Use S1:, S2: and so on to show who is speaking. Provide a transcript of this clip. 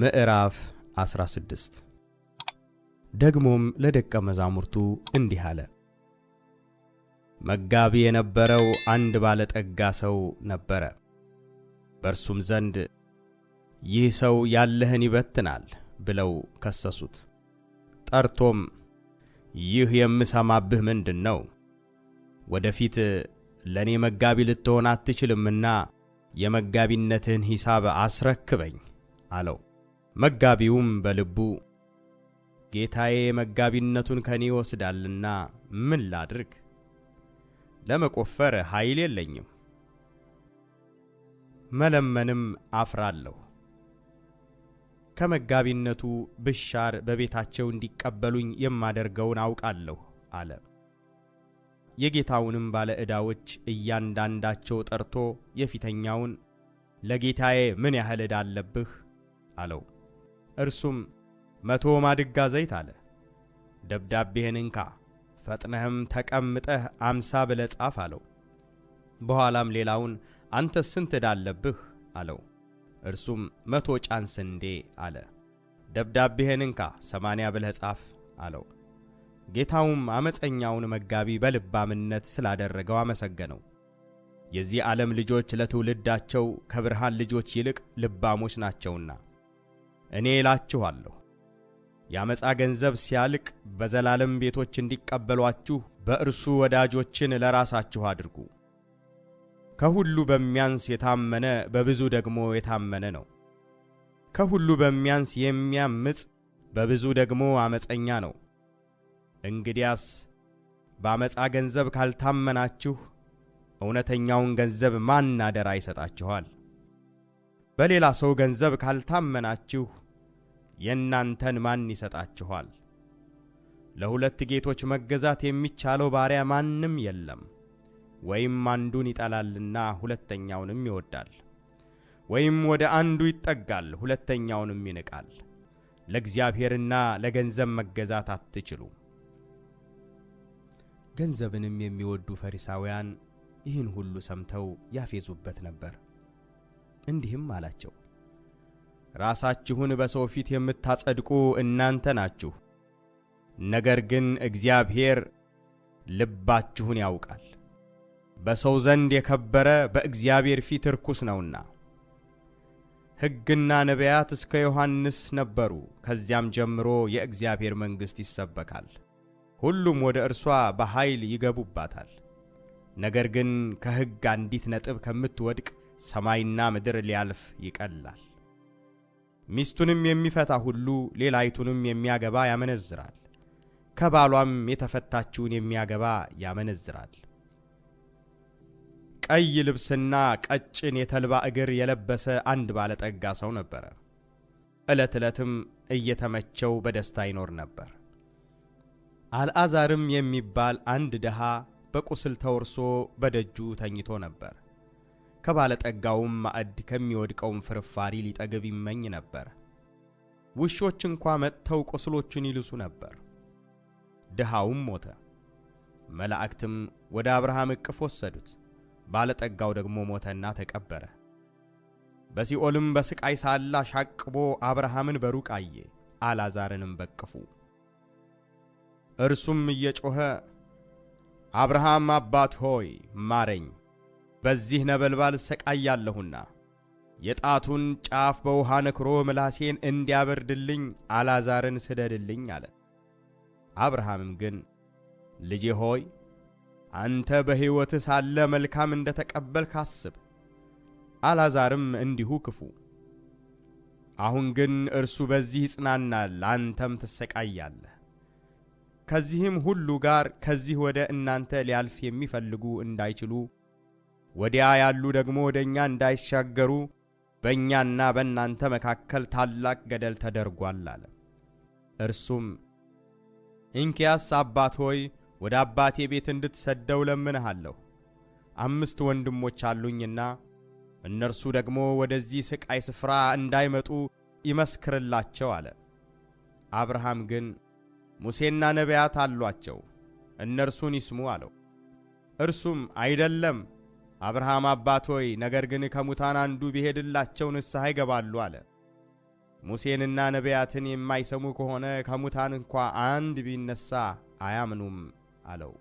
S1: ምዕራፍ 16 ደግሞም ለደቀ መዛሙርቱ እንዲህ አለ፦ መጋቢ የነበረው አንድ ባለጠጋ ሰው ነበረ። በእርሱም ዘንድ ይህ ሰው ያለህን ይበትናል ብለው ከሰሱት። ጠርቶም ይህ የምሰማብህ ምንድን ነው? ወደፊት ለእኔ መጋቢ ልትሆን አትችልምና የመጋቢነትህን ሂሳብ አስረክበኝ አለው። መጋቢውም በልቡ ጌታዬ መጋቢነቱን ከኔ ይወስዳልና ምን ላድርግ? ለመቆፈር ኃይል የለኝም፣ መለመንም አፍራለሁ። ከመጋቢነቱ ብሻር በቤታቸው እንዲቀበሉኝ የማደርገውን አውቃለሁ አለ። የጌታውንም ባለ ዕዳዎች እያንዳንዳቸው ጠርቶ የፊተኛውን ለጌታዬ ምን ያህል ዕዳ አለብህ አለው። እርሱም መቶ ማድጋ ዘይት አለ። ደብዳቤህን እንካ፣ ፈጥነህም ተቀምጠህ አምሳ ብለህ ጻፍ አለው። በኋላም ሌላውን አንተ ስንት ዕዳ አለብህ አለው። እርሱም መቶ ጫን ስንዴ አለ። ደብዳቤህን እንካ፣ ሰማንያ ብለህ ጻፍ አለው። ጌታውም አመፀኛውን መጋቢ በልባምነት ስላደረገው አመሰገነው። የዚህ ዓለም ልጆች ለትውልዳቸው ከብርሃን ልጆች ይልቅ ልባሞች ናቸውና እኔ እላችኋለሁ የአመፃ ገንዘብ ሲያልቅ በዘላለም ቤቶች እንዲቀበሏችሁ በእርሱ ወዳጆችን ለራሳችሁ አድርጉ። ከሁሉ በሚያንስ የታመነ በብዙ ደግሞ የታመነ ነው። ከሁሉ በሚያንስ የሚያምፅ በብዙ ደግሞ አመፀኛ ነው። እንግዲያስ በአመፃ ገንዘብ ካልታመናችሁ እውነተኛውን ገንዘብ ማን አደራ ይሰጣችኋል? በሌላ ሰው ገንዘብ ካልታመናችሁ የእናንተን ማን ይሰጣችኋል? ለሁለት ጌቶች መገዛት የሚቻለው ባሪያ ማንም የለም። ወይም አንዱን ይጠላልና ሁለተኛውንም ይወዳል፣ ወይም ወደ አንዱ ይጠጋል፣ ሁለተኛውንም ይንቃል። ለእግዚአብሔርና ለገንዘብ መገዛት አትችሉም። ገንዘብንም የሚወዱ ፈሪሳውያን ይህን ሁሉ ሰምተው ያፌዙበት ነበር። እንዲህም አላቸው ራሳችሁን በሰው ፊት የምታጸድቁ እናንተ ናችሁ፣ ነገር ግን እግዚአብሔር ልባችሁን ያውቃል። በሰው ዘንድ የከበረ በእግዚአብሔር ፊት ርኩስ ነውና። ሕግና ነቢያት እስከ ዮሐንስ ነበሩ። ከዚያም ጀምሮ የእግዚአብሔር መንግሥት ይሰበካል፣ ሁሉም ወደ እርሷ በኃይል ይገቡባታል። ነገር ግን ከሕግ አንዲት ነጥብ ከምትወድቅ ሰማይና ምድር ሊያልፍ ይቀላል። ሚስቱንም የሚፈታ ሁሉ ሌላይቱንም የሚያገባ ያመነዝራል፣ ከባሏም የተፈታችውን የሚያገባ ያመነዝራል። ቀይ ልብስና ቀጭን የተልባ እግር የለበሰ አንድ ባለጠጋ ሰው ነበረ። ዕለት ዕለትም እየተመቸው በደስታ ይኖር ነበር። አልዓዛርም የሚባል አንድ ድሃ በቁስል ተወርሶ በደጁ ተኝቶ ነበር። ከባለጠጋውም ማዕድ ከሚወድቀውም ፍርፋሪ ሊጠግብ ይመኝ ነበር። ውሾች እንኳ መጥተው ቁስሎቹን ይልሱ ነበር። ድሃውም ሞተ። መላእክትም ወደ አብርሃም እቅፍ ወሰዱት። ባለጠጋው ደግሞ ሞተና ተቀበረ። በሲኦልም በስቃይ ሳለ አሻቅቦ አብርሃምን በሩቅ አየ፣ አላዛርንም በቅፉ። እርሱም እየጮኸ አብርሃም አባት ሆይ ማረኝ በዚህ ነበልባል ሰቃያለሁና የጣቱን ጫፍ በውሃ ነክሮ ምላሴን እንዲያበርድልኝ አላዛርን ስደድልኝ አለ። አብርሃምም ግን ልጄ ሆይ አንተ በሕይወት ሳለ መልካም እንደ ተቀበልክ አስብ፣ አላዛርም እንዲሁ ክፉ። አሁን ግን እርሱ በዚህ ይጽናናል፣ አንተም ትሰቃያለህ። ከዚህም ሁሉ ጋር ከዚህ ወደ እናንተ ሊያልፍ የሚፈልጉ እንዳይችሉ ወዲያ ያሉ ደግሞ ወደ እኛ እንዳይሻገሩ በእኛና በእናንተ መካከል ታላቅ ገደል ተደርጓል አለ። እርሱም እንኪያስ አባት ሆይ ወደ አባቴ ቤት እንድትሰደው ለምንሃለሁ። አምስት ወንድሞች አሉኝና እነርሱ ደግሞ ወደዚህ ሥቃይ ስፍራ እንዳይመጡ ይመስክርላቸው አለ። አብርሃም ግን ሙሴና ነቢያት አሏቸው፣ እነርሱን ይስሙ አለው። እርሱም አይደለም አብርሃም አባት ሆይ ነገር ግን ከሙታን አንዱ ቢሄድላቸው ንስሐ ይገባሉ አለ። ሙሴንና ነቢያትን የማይሰሙ ከሆነ ከሙታን እንኳ አንድ ቢነሳ አያምኑም አለው።